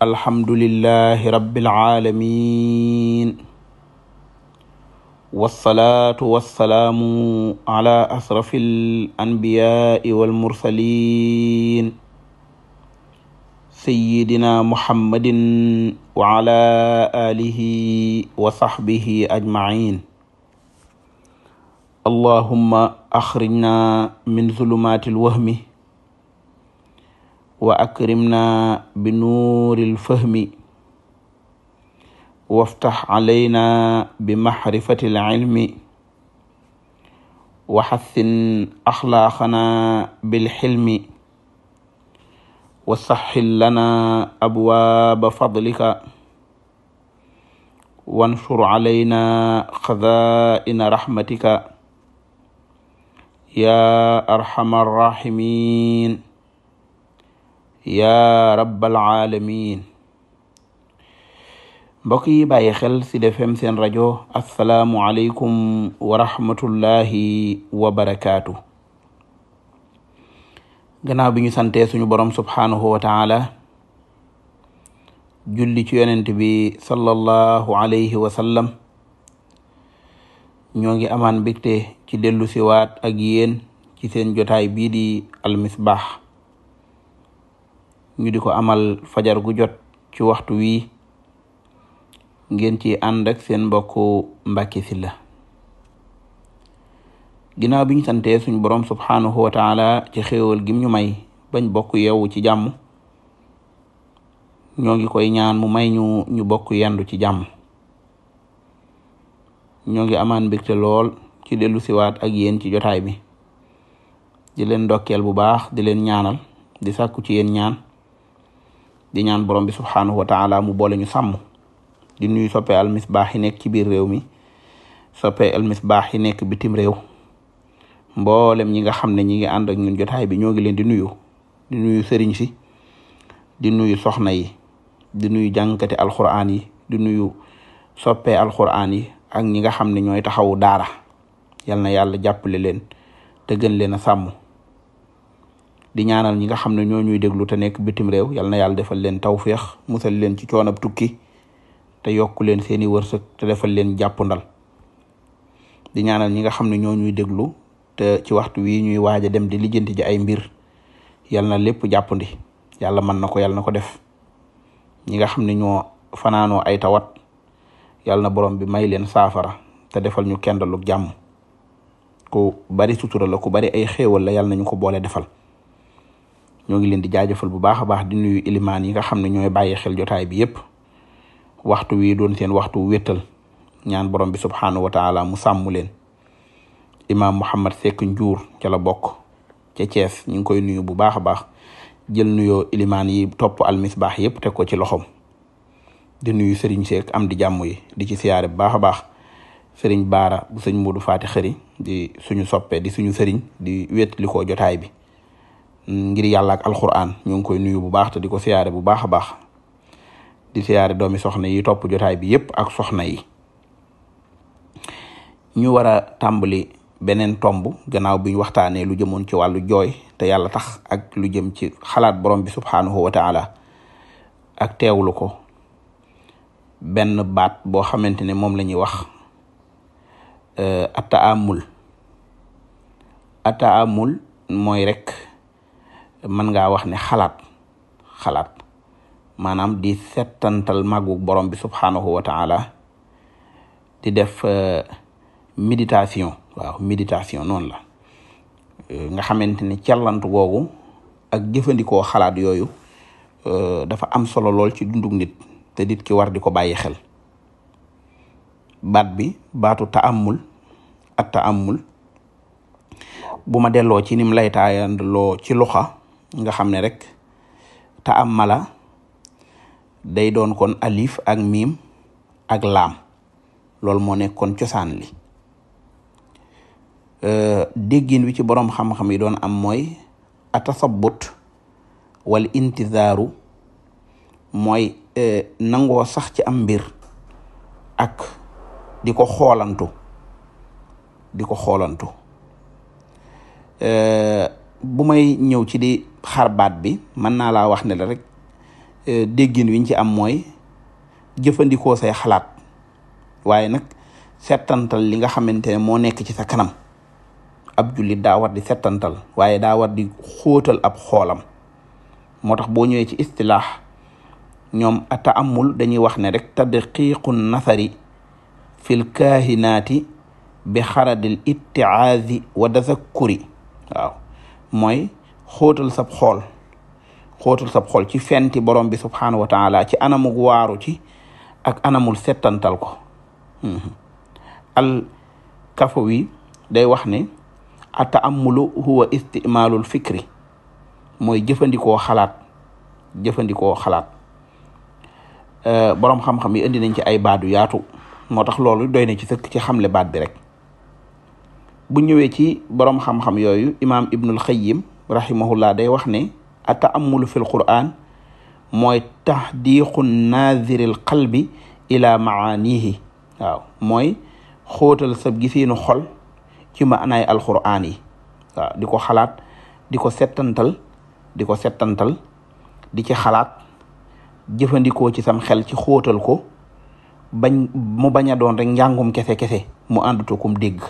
alhamdulillahi rabbil aalamiin wassalaatu wassalaamu ala asrafil anbiyaai wal mursaliin sayyidina muhammadin wa ala aalihi wa sahbihi ajma'iin allahumma axrijna min zulumaati l wahmi wa akrimna bi nuuril fahmi waftax calayna bi maxrifatil cilmi wa xassin axlaaqana bil xilmi wa saxxil lana abwaaba fadlika wansur calayna xazaa'ina raxmatika yaa arxamar raaximiin yaa rabbal aalamiin mbokk yi bàyyi xel ci seen rajo asalaamu aleykum wa rahmatullahi wa barakaatu gannaaw bi ñu santee suñu borom subhaanahu wa julli ci yonent bi sallallahu alayhi wa sallam ñoo ngi amaan mbégte ci dellu siwaat ak yéen ci seen jotaay bii di almisbaax ñu di ko amal fajar gu jot ci waxtu wii ngeen ci ànd ak seen mbokku Mbàkke Sylla ginnaaw bi ñu santee suñ borom subhaanahu wa taala ci xéewal gim ñu may bañ bokk yewu ci jàmm ñoo ngi koy ñaan mu may ñu ñu bokk yendu ci jàmm ñoo ngi amaan mbégte lool ci dellu siwaat ak yéen ci jotaay bi di leen ndokkeel bu baax di leen ñaanal di sàkku ci yéen ñaan di ñaan borom bi subhaanahu wa taala mu boole ñu sàmm di nuyu soppe al misbaax yi nekk ci biir réew mi soppe al misbaax yi nekk bitim réew mboolem ñi nga xam ne ñi ngi ànd ak ñun jotaay bi ñoo ngi leen di nuyu di nuyu sëriñ si di nuyu soxna yi di nuyu jàngkati alxuraan yi di nuyu soppe alxuraan yi ak ñi nga xam ne ñooy taxawu daara yal na yàlla jàppale leen te gën leen a sàmm di ñaanal ñi nga xam ne ñoo ñuy déglu te nekk bitim réew yal na yàlla defal leen tawféex musal leen ci coonab tukki te yokk leen seeni wërsëg te defal leen jàppandal di ñaanal ñi nga xam ne ñoo ñuy déglu te ci waxtu wi ñuy waaj a dem di lijjanti ji ay mbir yal na lépp jàppandi yàlla mën na ko yal na ko def ñi nga xam ne ñoo fanaanoo ay tawat yal na borom bi may leen saafara te defal ñu kendalu jàmm ku bari sutura la ku bari ay xéewal la yal ñu ko boole defal. ñoo ngi leen di jaajëfal bu baax a baax di nuyu ilimaan yi nga xam ne ñooy bàyyi xel jotaay bi yépp waxtu wii doon seen waxtu wéttal ñaan borom bi subxanahu wa taala mu sàmm leen imaam Mouhamed Seck Ndiour ca la bokk ca Thiès ñu ngi koy nuyu bu baax a baax jël nuyoo ilimaan yi topp almisbaax yépp teg ko ci loxoom di nuyu Serigne Seck am di jàmm yi di ci siyaare bu baax a baax sëriñ Baara bu sëñ Modou Faati Xëri di suñu soppee di suñu sëriñ di wétli ko jotaay bi. ngir yàlla ak alquran ñu ngi koy nuyu bu baax te di ko siyaare bu bax a baax di siyaare doomi soxna yi topp jotaay bi yépp ak soxna yi ñu war a tàmbali beneen tomb gannaaw bi ñu waxtaanee lu jëmoon ci wàllu jooy te yàlla tax ak lu jëm ci xalaat borom bi subhaanahu wa taala ak teewlu ko benn baat boo xamante ne moom la ñuy wax euh, attaamul attaamul mooy rek mën ngaa wax ne xalaat xalaat maanaam di settantal màggu borom bi subhaanahu wa taala di def euh, méditation waaw méditation noonu la euh, nga xamante ni cellant googu ak jëfandikoo xalaat yooyu euh, dafa am solo lool ci dundug nit te nit ki war di ko bàyyi xel baat bi baatu taamul ak taamul bu ma delloo ci nim laytaayandloo ci luxa nga xam ne rek ta am mala day doon kon alif ak miim ak lam loolu moo nekkoon cosaan li euh, déggin wi ci boroom xam-xam yi doon am mooy atasabut wala intizaaru mooy euh, nangoo sax ci am mbir ak di ko xoolantu di ko xoolantu euh, bu may ñëw ci di xarbaat bi mën naa laa wax ne la rek euh, déggin wiñ ci am mooy jëfandikoo say xalaat waaye nag settantal li nga xamante ne moo nekk ci sa kanam ab jullit daa war settantal waaye daa war di ab xoolam moo tax boo ñëwee ci istilaax ñoom ata amul dañuy wax ne rek tadqiqu nasari fil kaahinaati bi xaradil ittiaazi wa tasakkuri waaw xóotal sab xool xóotal sab xool ci fenti borom bi subhaanahu wa taala ci anamug waaru ci ak anamul settantal ko mhm. al wi day wax ni a taamulu huwa istimaalul fikri mooy jëfandikoo xalaat jëfandikoo xalaat borom xam-xam yi indi nañ ci ay baat yu yaatu moo tax loolu doy na ci sëkk ci xamle baat bi rek bu ñëwee ci boroom xam-xam yooyu imaam Ibnul Xayyim rahimahullah day wax ne a taamulu fi l quran mooy taxdiqu naaziril qalbi ila maanihi waaw mooy xóotal sab giseenu xol ci maanaay alquran yi waaw di ko xalaat di ko settantal di ko settantal di ci xalaat jëfandikoo ci sam xel ci xóotal ko bañ mu bañ a doon rek njàngum kese-kese mu àndutukum dégg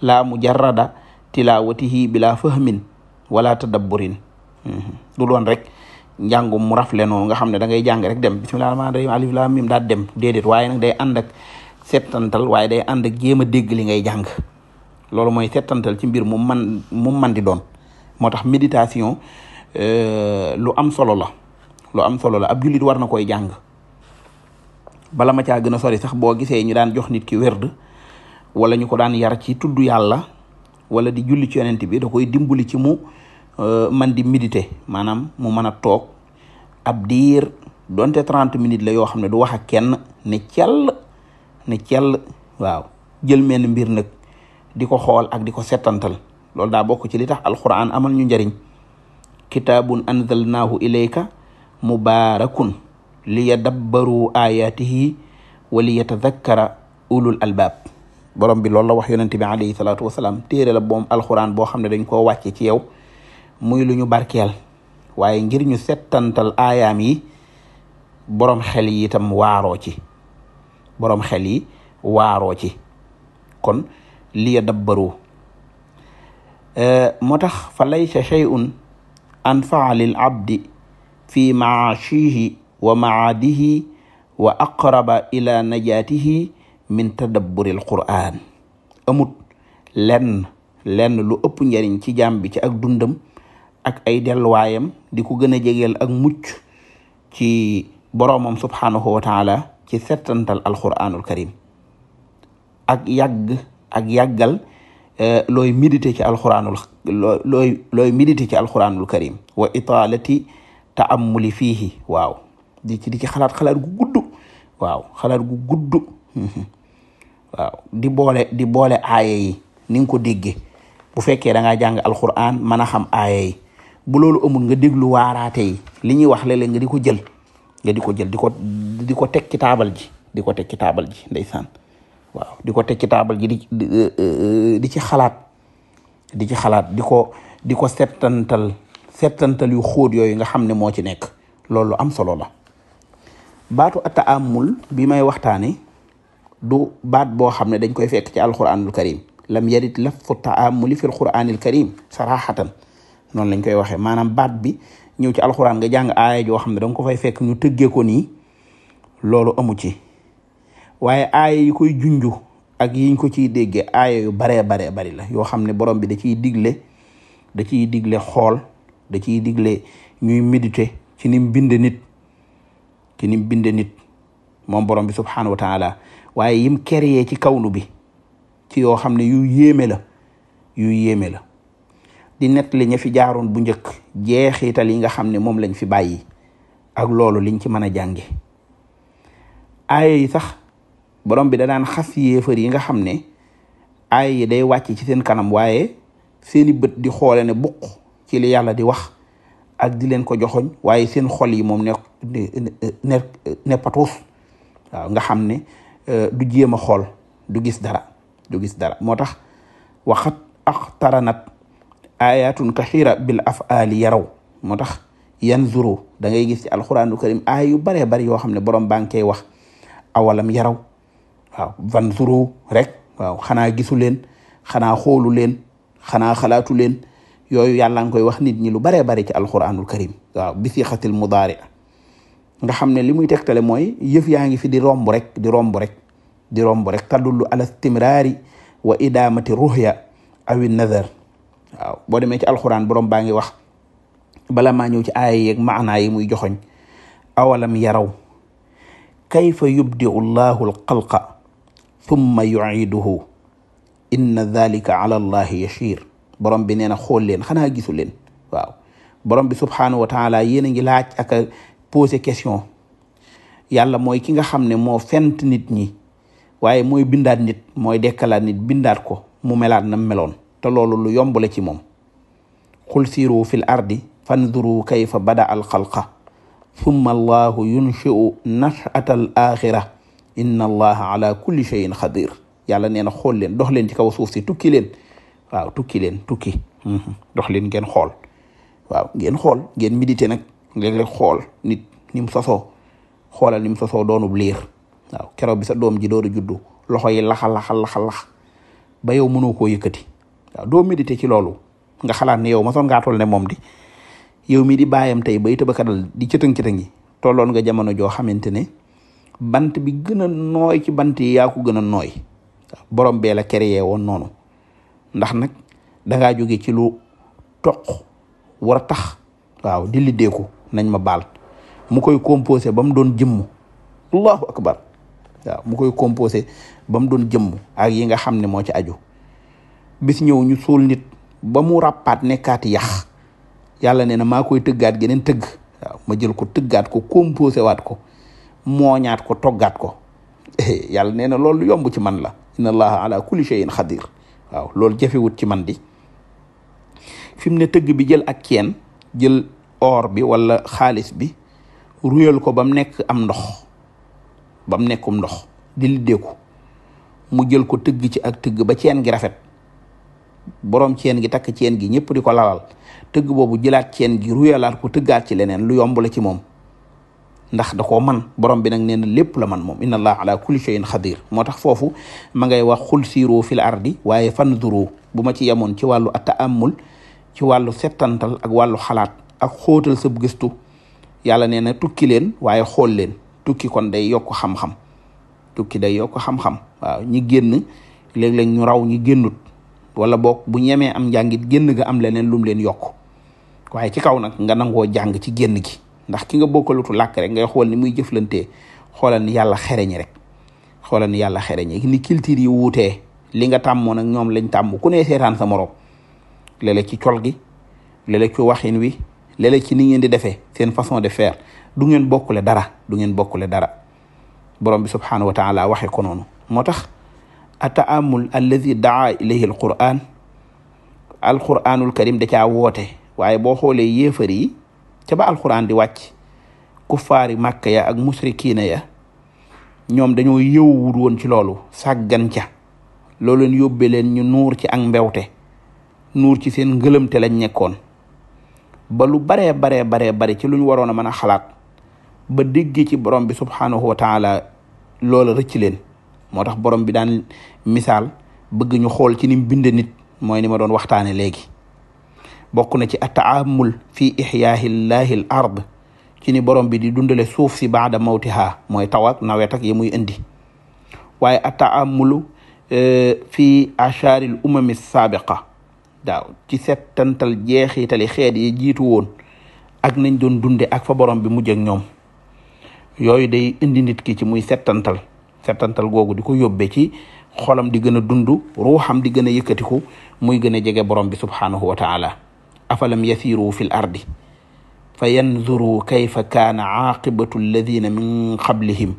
laa mujarrada tilawatihi bila fahmin wala tadabburin mhm. du doon rek njàngum mu rafle noonu nga xam ne da ngay jàng rek dem bismillahi rahmaani rahim alif laam mim daal dem déedéet waaye nag day ànd ak settantal waaye day ànd ak jéem a dégg li ngay jàng loolu mooy settantal ci mbir mu man mu man di doon moo tax méditation euh, lu am solo la lu am solo la ab jullit war na koy jàng bala ma caa gën a sori sax boo gisee ñu daan jox nit ki werd wala ñu ko daan yar ci tudd yàlla wala di julli ci yonent bi da koy dimbali ci mu Euh, man di méditer maanaam mu mën a toog ab diir donte trente minutes la yoo xam ne du wax ak kenn ne cell ne cell waaw jël menn mbir nag di ko xool ak di ko setantal loolu daa bokk ci li tax alquran amal ñu njariñ kitaabun anzalnaahu ilayka mubaarakun li yadabbaru ayatihi wa li yatadakkara ulul albaab borom bi loolu la wax yonente bi alayhi salaatu wasalaam téere la boom alquran boo xam ne dañ koo wàcce ci yow muy lu ñu barkeel waaye ngir ñu settantal aayaam yi boroom xel yi ci boroom xel yi waaroo ci kon liya dabbaru moo tax fa laysa shay'un anfaa lil abdi fi maashihi wa maadihi wa aqraba ila najaatihi min tadabburi al amut lenn lu ëpp njariñ ci jaam bi ci ak dundam ak ay delluwaayam di ko gën a jegeel ak mucc ci boroomam subhaanahu wa taala ci settantal alquranul karim ak yàgg ak yàggal eh, looy médité ci alquranul looy looy ci alquranul karim wa italati taamuli fiihi waaw di ci di ci xalaat xalaat gu gudd waaw gu gudd mhm. di boole di boole ni nga ko déggee bu fekkee da ngaa jàng alquran mën a xam aaya yi bu loolu amul nga déglu waaraate yi li ñuy wax léeg nga di ko jël nga di ko jël di ko di ko teg ci taabal ji di ko teg ci taabal ji ndeysaan waaw di ko teg ci taabal ji di di eh, ci xalaat di ci xalaat di ko di ko settantal settantal yu xóot yooyu nga xam ne moo ci nekk loolu am solo la baatu atta amul bi may waxtaane du baat boo xam ne dañ koy fekk ci alquranul karim lam yarit laffu taamuli fi alquranil karim sarahatan noonu lañ koy waxee maanaam baat bi ñëw ci alxuraan nga jàng aaya joo xam ne danga ko fay fekk ñu tëggee ko nii loolu amu ci waaye aaya yi koy junju ak yiñ ko ciy déggee aaya yu baree baree bari la yoo xam ne borom bi da ciy digle da ciy digle xool da ciy digle ñuy méditer ci nim binde nit ci nim nit moom borom bi subxanahu wa taala waaye yim créé ci kawnu bi ci yoo xam ne yu yéeme la yu yéeme la. di nettali ña fi jaaroon bu njëkk jeexital yi nga xam ne moom lañ fi bàyyi ak loolu liñ ci mën a jànge aaya sax borom bi da daan xas yéefar yi nga xam ne aaya yi day wàcc ci seen kanam waaye seeni bët di xoole ne buq ci li yàlla di wax ak di leen ko joxoñ waaye seen xol yi moom nekk ne nepatuus nga xam ne e, du jéem a xool du gis dara du gis dara moo tax waxat aqtaranat ayatun kathira bil afali yaraw moo tax yanzuru da ngay gis ci alxuraanu karim aay yu baree bari yoo xam ne borom baa ngi koy wax awalam yaraw waaw vanzuru rek waaw xanaa gisu leen xanaa xoolu leen xanaa xalaatu leen yooyu yàlla ngi koy wax nit ñi lu baree bari ci alxuraanul karim waaw bi sixatil mudaari nga xam ne li muy tegtale mooy yëf yaa ngi fi di romb rek di romb rek di romb rek tadullu wa idaamati ruhya awi nazar waaw boo demee ci alxuraan borom baa ngi wax bala maa ñëw ci aaya yeeg yi muy joxoñ awalam yaraw kayfa yubdiu llahu alxalqa thumma yuiduhu inna dalika ala allahi yachir borom bi nee na xool leen xanaa gisu leen waaw borom bi subhaanahu wa taala yéen a ngi laaj ak a question yàlla mooy ki nga xam ne moo fent nit ñi waaye mooy bindaat nit mooy dekkalaat nit bindaat ko mu melaat na meloon te loolu lu yomb la ci moom qul siiru fil ardi fanduru kayfa bada al xalqa summa allahu yunshi'u nash'ata al axira inna allaha ala kulli shay'in xadir yàlla nee na xool leen dox leen ci kaw suuf si tukki leen waaw tukki leen tukki mhm, dox leen ngeen xool waaw ngeen xool ngeen médité nag léeg-léeg xool nit ni mu xoolal ni mu sosoo doonub liir waaw keroog bi sa doom ji dooru juddu loxo yi laxa laxa laxa ba yow mënoo waaw doo méditer ci loolu nga xalaat ne yow ma soon ngaa toll ne moom di yow mi di bàyyam tey bay tëbakadal di cëtëng-cëtëng yi tolloon nga jamono joo xamante ne bant bi gën a nooy ci bant yi yaa ko gën a nooy borom bee la créé woon noonu ndax nag dangaa jóge ci lu toq war a tax waaw di liddeeku nañ ma baal mu koy composé ba mu doon jëmm allahu koy composé ba mu doon jëmm ak yi nga xam ne moo ci aju bis ñëw ñu suul nit ba mu ràppaat nekkaat yax yàlla nee na maa koy tëggaat geneen tëgg ma jël ko tëggaat ko composé waat ko mooñaat ko toggaat ko yàlla nee na loolu yomb ci man la inna allaha ala kulli shay'in xadir waaw loolu ci man di fi ne tëgg bi jël ak ceen jël or bi walla xaalis bi ruyal ko ba mu nekk am ndox ba mu nekkum ndox di liddeeku mu jël ko tëgg ci ak tëgg ba ceen gi rafet borom ceen gi takk ceen gi ñëpp di ko lalal tëgg boobu jëlaat ceen gi ruyalaat ko tëggaat ci leneen lu yomb la ci moom ndax da ko man borom bi nag nee na lépp la man moom inna allah ala kulli shay'in xadir moo tax foofu ma ngay wax xul siiru fil ardi waaye fanduru bu ma ci yemoon ci wàllu ataamul ci wàllu settantal ak wàllu xalaat ak xóotal sab gëstu yàlla nee na tukki leen waaye xool leen tukki kon day yokk xam-xam tukki day yokk xam-xam waaw ñi génn léeg-léeg ñu raw wala boog bu ñemee am njàngit génn ga am leneen lum leen yokk waaye ci kaw nag nga nangoo jàng ci génn gi ndax ki nga bokkalutu làkk rek ngay xool ni muy jëflantee xoolal ni yàlla xereñi rek xoola ni yàlla xereñi ni culture yi wuutee li nga tàmmoon ak ñoom lañ tàmm ku ne seetaan sa morom léeg ci col gi léeg-léeg ci waxin wi léeg ci ni ngeen di defee seen façon de faire du ngeen bokkule dara du ngeen bokkule dara borom bi subhaanahu wa taala waxe ko noonu ataamul alladi daa ilayhi alquran alquranul karim da caa woote waaye boo xoolee yéefar yi ca ba alquran di wàcc kuffaari màkka ya ak musrikiina ya ñoom dañoo yëwwut woon ci loolu sàggan ca loolu leen yóbbe leen ñu nuur ci ak mbewte nuur ci seen ngëlëmte lañ nekkoon ba lu baree baree baree bare ci lu ñu waroon a mën a xalaat ba déggee ci borom bi subhaanahu wa taala loola rëcc leen moo tax borom bi daan misaal bëgg xool ci ni mu bind nit mooy ni ma doon waxtaane léegi bokk na ci attaamul fi ixyaahillahi l ard ci ni borom bi di dundale suuf si baada mawtiha mooy taw ak nawet ak yi muy indi waaye attaamulu euh, fi ashaaril umami saabiqa daaw ci settantal jeexitali xeet yi jiitu woon ak nañ doon dunde ak fa borom bi mu ak ñoom yooyu day indi nit ki ci muy settantal setantal googu di ko yóbbe ci xolam di gën a dund ruuxam di gën a yëkkatiku muy gën a jege borom bi subhaanahu wa taala afalam yasiru fi l ardi fa yanzuru kayfa kaana aaqibatu alladina min qablihim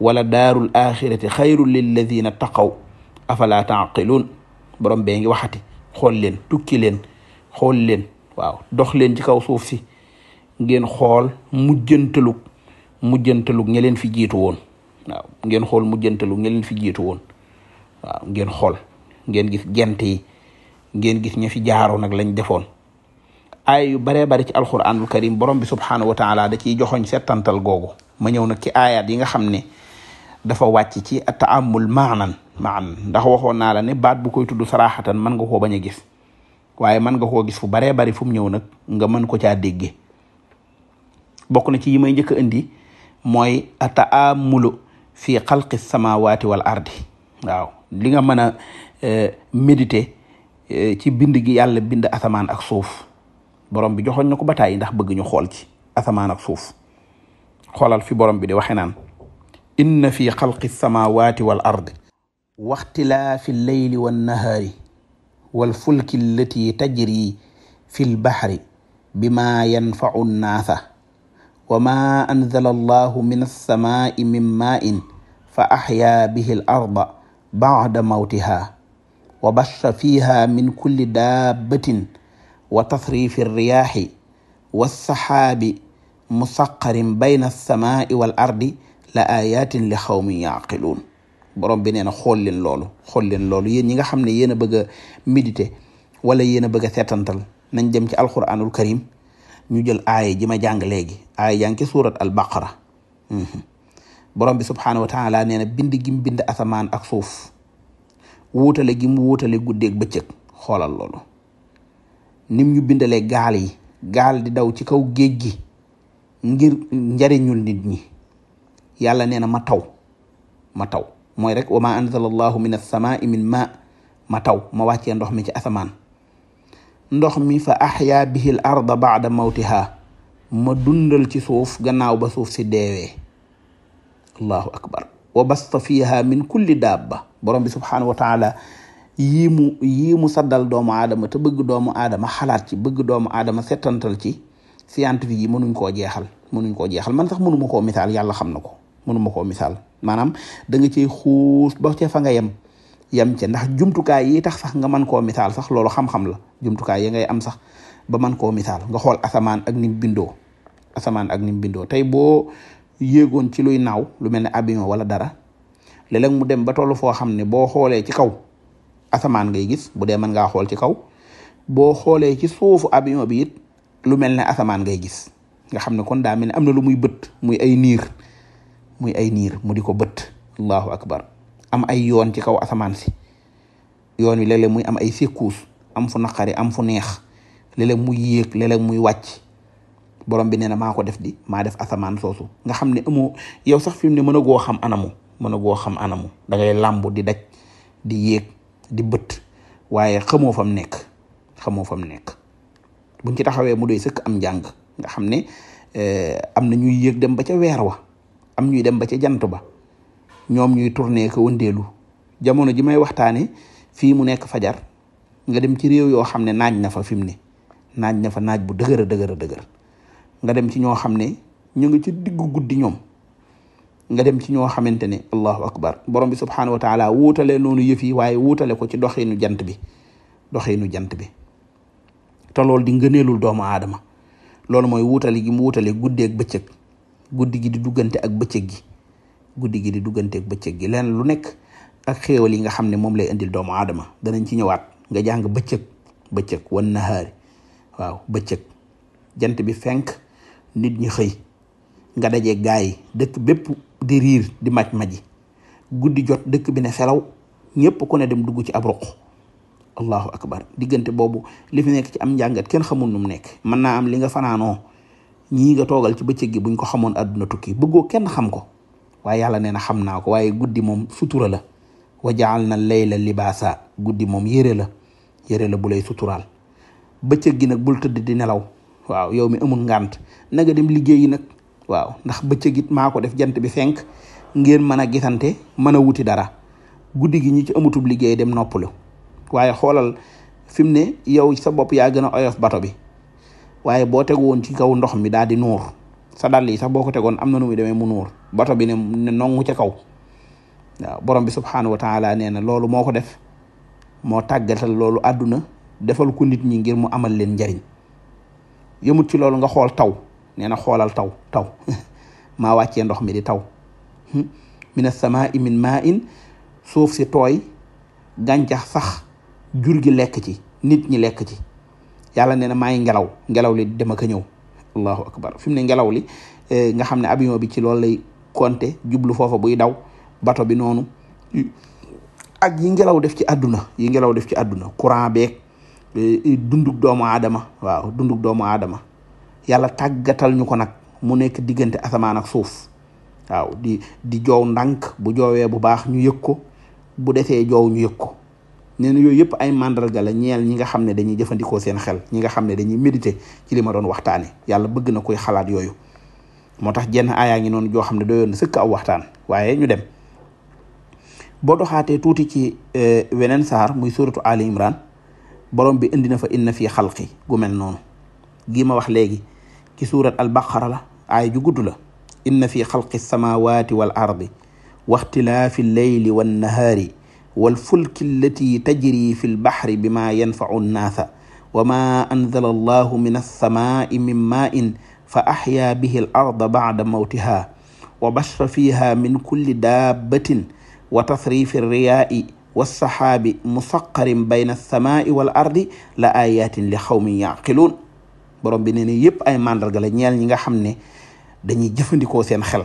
wala daaru l axirati xayru lilladina taqaw afala taaqiluun borom bee ngi waxati xool leen tukki leen xool leen waaw dox leen ci kaw suuf si ngeen xool mujjantalug mujjantalug ña leen fi jiitu woon waaw ngeen xool mujjantalu ngeen fi jiitu woon ngeen xool ngeen gis gent yi ngeen gis ña fi jaaroon nag lañ defoon aay yu baree bari ci alquranul karim borom bi subhanahu wa da ciy joxoñ settantal googu ma ñëw nag ci aayaat yi nga xam ne dafa wàcc ci taamul maanan maan ndax waxoon naa la ne baat bu koy tudd saraxatan mën nga koo bañ gis waaye mën nga koo gis fu baree bari fu mu ñëw nag nga mën ko caa déggee bokk na ci a indi fi xalqi samawati wal ardi waaw li nga mën a e, méditer e, ci bind gi yàlla bind asamaan ak suuf borom bi joxoon na ko bataay ndax bëgg ñu xool ci asamaan ak suuf xoolal fi borom bi di waxe naan inna fi xalqi samawati wal ardi waxtilaafi lleyli wannahaari walfulki allati tajri fi lbaxri bima yanfau nnaasa wa ma anzala allahu min alsamaai min maain fa axyaa bihi al arda bacda mawtiha wa bacca fiiha min kulli daabbatin wa tasrifi alriyaaxi walsaxaabi musaqarin bayna alsamaai wal ardi la ayatin li xawmin yaqiluun borom bi nee na xool leen loolu xool leen loolu yéen ñi nga xam ne yéen a bëgg a wala yéen a bëgg a nañ dem ci alquranul karim ñu jël aaya ji ma jàng léegi aaya jàng suurat al baqara mhm. borom bi subhaanahu wa taala nee na bind gim bind asamaan ak suuf wuutale gim wuutale ba bëccëg xoolal loolu nim ñu bindalee gaal yi gaal di daw ci kaw géej gi ngir njariñul nit ñi yàlla nee na ma taw ma taw mooy rek wa ma anzala allahu min alsamaai ma taw ma wàccee ndox mi ci asamaan ndox mi fa axyaa bihil arda baada mawtiha ma dundal ci suuf gannaaw ba suuf si deewee allahu akbar wa basta fiha min kulli daabba borom bi subhaanahu wa taala yii mu yii mu saddal doomu aadama te bëgg doomu aadama xalaat ci bëgg doomu aadama settantal ci scientifique yi mënuñ koo jeexal mënuñ koo jeexal man sax mënuma koo misaal yàlla xam na ko mënuma koo misaal maanaam da ci ciy xuus ba ca fa nga yem yem ca ndax jumtukaay yi tax sax nga man koo misaal sax loolu xam-xam la jumtukaay yi ngay am sax ba man koo misaal nga xool asamaan ak nim bindoo asamaan ak nim bindoo tey boo yéegoon ci luy naaw lu mel ne avion wala dara léeg mu dem ba tollu foo xam ne boo xoolee ci kaw asamaan ngay gis bu dee mën ngaa xool ci kaw boo xoolee ci suufu avion bi it lu mel ne asamaan ngay gis nga xam ne kon daa mel ne am na lu muy bët muy ay niir muy ay niir mu di ko bët allahu akbar am ay yoon ci kaw asamaan si yoon wi léeg muy am ay secousses am fu naqari am fu neex léeg muy yéeg léeg muy wàcc borom bi nee na maa ko def di maa def asamaan soosu nga xam ne amoo yow sax fi mu ne mën xam anamu mën a xam anamu da ngay di daj di yéeg di bët waaye xamoo fam nekk xamoo fam nekk buñ ci taxawee mu sëkk am njàng nga xam ne eh, am na ñuy yéeg dem ba ca weer wa am ñuy dem ba ca jant ba ñoom ñuy tourné ko wëndeelu jamono ji may waxtaane fii mu nekk fajar nga dem ci réew yoo xam ne naaj na fa fi mu ne naaj na fa naaj bu dëgër a dëgër nga dem ci ñoo xam ne ñu ngi ci diggu guddi ñoom nga dem ci ñoo xamante ne allahu akbar borom bi subhanahu wa taala wuutale noonu yëf yi waaye wuutale ko ci doxinu jant bi doxinu jant bi te loolu di ngëneelul doomu aadama loolu mooy wuutale gi mu wuutale guddeeg bëccëg guddi gi di duggante ak bëccëg gi guddi gi di duggante bëccëg gi leen lu nekk ak xéewal yi nga xam ne moom lay indil doomu aadama danañ ci ñëwaat nga jàng bëccëg bëccëg wan nahaari waaw bëccëg jant bi fenk nit ñi xëy nga daje gaa yi dëkk bépp di riir di maj-maji guddi jot dëkk bi ne felaw ñépp ku ne dem dugg ci ab ruq allahu akbar diggante boobu li fi nekk ci am njàngat kenn xamul nu mu nekk mën naa am li nga fanaanoo ñii nga toogal ci bëccëg gi buñ ko xamoon àdduna tukki bëggoo kenn xam ko waaye yàlla nee na xam naa ko waaye guddi moom sutura la wa jaal na layla libaasa guddi moom yére la yére la bu suturaal bëccëg gi nag bul tëdd di nelaw waaw yow mi amul ngant naga dem liggéeyi nag waaw ndax bëccëg it maa ko def jant bi fenk ngeen mën a gisante mën a wuti dara guddi gi ñi ci amutub liggéey dem nopp noppalu waaye xoolal fi mu ne yow sa bopp yaa gën a oyof bato bi waaye boo tegu woon ci kaw ndox mi daal di nuur sa dàll yi sax boo ko tegoon am na nu demee mu bato bi ne ne nongu ca kaw waaw borom bi subxanahu wa taala nee na loolu moo ko def moo tàggatal loolu àdduna defal ku nit ñi ngir mu amal leen njariñ yëmut ci loolu nga xool taw nee na xoolal taw taw maa wàccee ndox mi di taw mina samaa'i min maa'in suuf si tooy gàncax sax jur gi lekk ci nit ñi lekk ci yàlla nee na maa ngelaw ngelaw li dem a ñëw allahu akbar fi ne ngelaw li eh, nga xam ne avion bi ci loolu lay konte jublu foofa buy daw bato bi noonu ak yi ngelaw def ci àdduna yi ngelaw def ci àdduna courant beeg eh, dunduk doomu aadama waaw dunduk doomu aadama yàlla tàggatal ñu ko nag mu nekk diggante asamaan ak suuf waaw di di joow ndànk bu joowee bu baax ñu yëg ko bu defee joow ñu yëg ko nee na yooyu yëpp ay mandarga la ñeel ñi nga xam ne dañuy jëfandikoo seen xel ñi nga xam ne dañuy méditer ci li ma doon waxtaane yàlla bëgg na koy xalaat yooyu moo tax jenn aayaa ngi noonu joo xam ne doyoon sëkk waxtaan waaye ñu dem boo doxaatee tuuti ci eh, weneen saar muy suratu Ali Imran borom bi indi na fa inna fi xalqi gu mel noonu gii ma wax léegi ci suurat al baqara la aay ju gudd la inna fii xalqi samawati wal ardi wa ixtilaafi lleyli wannahaari walfulki allati tajri fi lbaxri bima yanfacu nnaasa wa ma anzala allahu min alsamaai min main fa axyaa bihi al arda bacda mawtiha wa bashra fiha min kulli daabatin wa tasrifi riyaai walsaxaabi musaqarin bayna sama wal ardi la ayatin li xawmin yaqiluun borom bi nee na yëpp ay màndarga la ñeel ñi nga xam ne dañuy jëfandikoo seen xel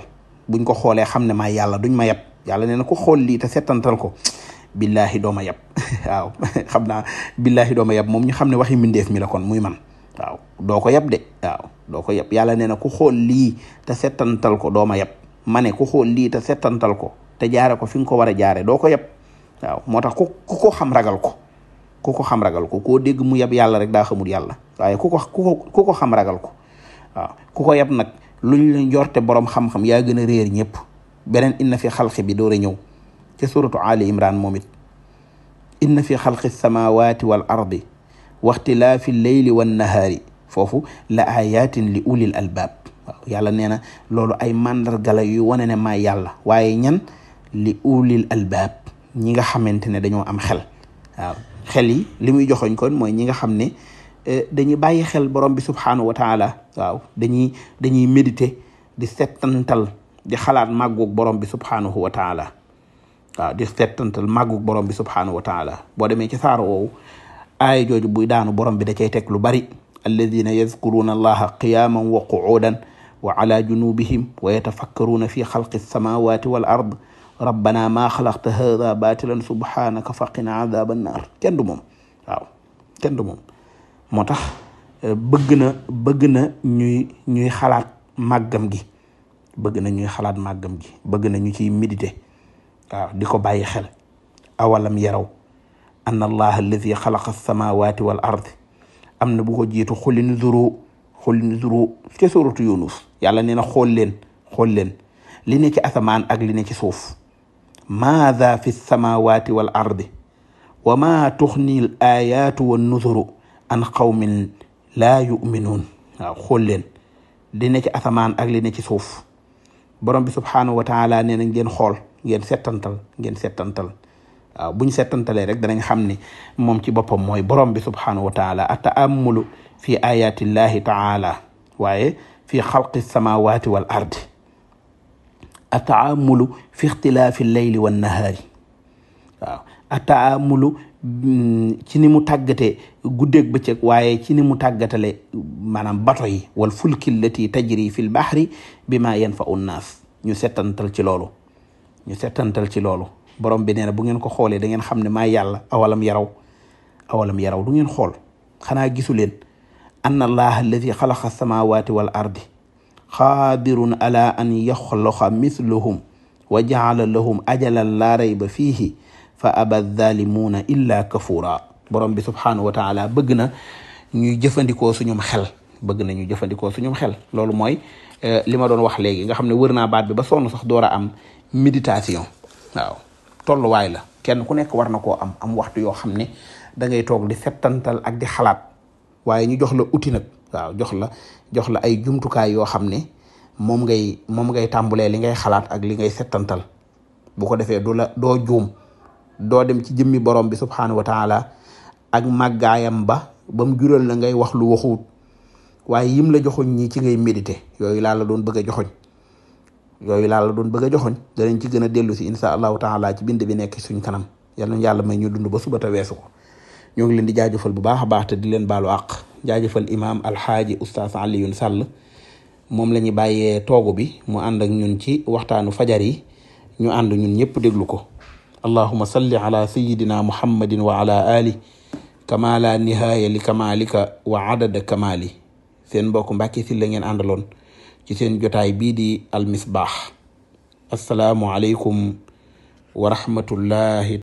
buñ ko xoolee xam ne maa yàlla duñ ma yab yàlla nee na ko xool lii te settantal ko billaahi dooma yab waaw xam naa billaahi dooma yab moom ñu xam ne waxi mbindeef mi la kon muy man waaw doo ko yab de waaw doo ko yab yàlla nee na ku xool lii te settantal ko doo ma yab ma ne ku xool lii te settantal ko te jaare ko fi nga ko war a jaare doo ko yab moo tax ku ku ko xam ragal ko ku ko xam ragal ko koo dégg mu yab yàlla rek daa xamul yàlla waaye ku ko ku ko xam ragal ko waaw ku ko yab nag lu la njorte borom xam-xam yaa gën a réer ñëpp beneen inna fi xalqi bi door a ñëw ca suratu Ali Imran moom it inna fi xalqi samawati wal ardi waxtilaafi leyli wan nahaari foofu la ayatin li ulil albaab waaw yàlla nee na loolu ay màndargala yu wane ne maa yàlla waaye ñan li ulil albaab ñi nga xamante ne dañoo am xel waaw xel yi li muy joxoñ kon mooy ñi nga xam ne eh, dañuy bàyyi xel borom bi subhaanahu wa taala waaw dañuy dañuy méditer di settantal di xalaat màggug borom bi subhaanahu wa taala waaw di settantal màggug borom bi subhaanahu wa taala boo demee ci saar woowu aaya jooju buy daanu borom bi da cay teg lu bari alladina yadkuruuna allaha qiyaaman wa qucuudan wa ala junubihim wa yatafakkaruuna fi xalqi alsamawati wal ard rabbana maa xalaqta hada batilan subhanaka faqina adaba annaar kenn du moom waaw kenn du moom moo tax eh, bëgg na bëgg na ñuy ñuy xalaat màggam gi bëgg na ñuy xalaat màggam gi bëgg na ñu ciy méditer waaw di ko bàyyi xel awalam yaraw anna allaha alladi xalaqa alsamawati wal ard am na bu ko jiitu xulin zuru xulin zuru ca suratu yunus yàlla nee na xool leen xool leen li ne ci asamaan ak li ne ci suuf maada fi lsamawati wal ardi wa ma tuxni l ayaatu wa nuzuru an qawmin laa yuminuun waaw xool leen li ne ci asamaan ak li ne ci suuf borom bi subhaanahu wa taala nee na ngeen xool ngeen settantal ngeen settantal bu buñ settantalee rek danañ xam ni moom ci boppam mooy borom bi subhaanahu wa taala a taamulu fi ayatillahi taala waaye fi xalqi samawati wal ardi a taamulu fi ixtilaafi leyli wan nahaari waaw a taamulu mm, ci ni mu tàggatee guddeeg bëccëg waaye ci ni mu tàggatale maanaam bato yi wal fulki lati tajri fi l bahri bima yanfau nnaas ñu settantal ci loolu ñu settantal ci loolu borom bi nee na bu ngeen ko xoolee dangeen ngeen xam ne maa yàlla awalam yaraw awalam yaraw du ngeen xool xanaa gisu leen anna allaha alladi xalaqa samawati wal ardi xaadirun ala an yaxloqa mislahum wa jaala lahum ajalan laa rayba fiihi fa aba zaalimuuna illa kafura borom bi subhaanahu wa taala bëgg na ñuy jëfandikoo suñum xel bëgg na ñuy jëfandikoo suñum xel loolu mooy eh, li ma doon wax léegi nga xam ne wër naa baat bi ba sonn sax door a am méditation tolluwaay la kenn ku nekk war na koo am am waxtu yoo xam ne dangay toog di setantal ak di xalaat waaye ñu jox la outil nag waaw jox la jox la ay jumtukaay yoo xam ne moom ngay moom ngay tàmbulee li ngay xalaat ak li ngay setantal bu ko defee du la doo juum doo dem ci jëmmi borom bi subxanahu wa taala ak màggaayam ba ba mu jural la ngay wax lu waxuut waaye yim la joxoñ ñii ci ngay méditer yooyu laa la doon bëgg a joxoñ yooyu laa la doon bëgg a joxoñ danañ ci gën a dellu si insha allahu taala ci bind bi nekk suñ kanam yal nañu may ñu dund ba suba te weesu ko ñoo ngi leen di jaajëfal bu baax a baax leen baalu àq jaajëfal imaam alxaaji oustaz Alioune Sall moom la ñu bàyyee toogu bi mu ànd ak ñun ci waxtaanu fajar yi ñu ànd ñëpp déglu ko allahuma salli ala sayidina muhammadin wa ala ali kama la nihaaya li kamalika wa adada kamali seen mbokk Mbàkke si la ngeen àndaloon ci seen jotaay bii di almisbaax asalaamualeykum wa rahmatullahi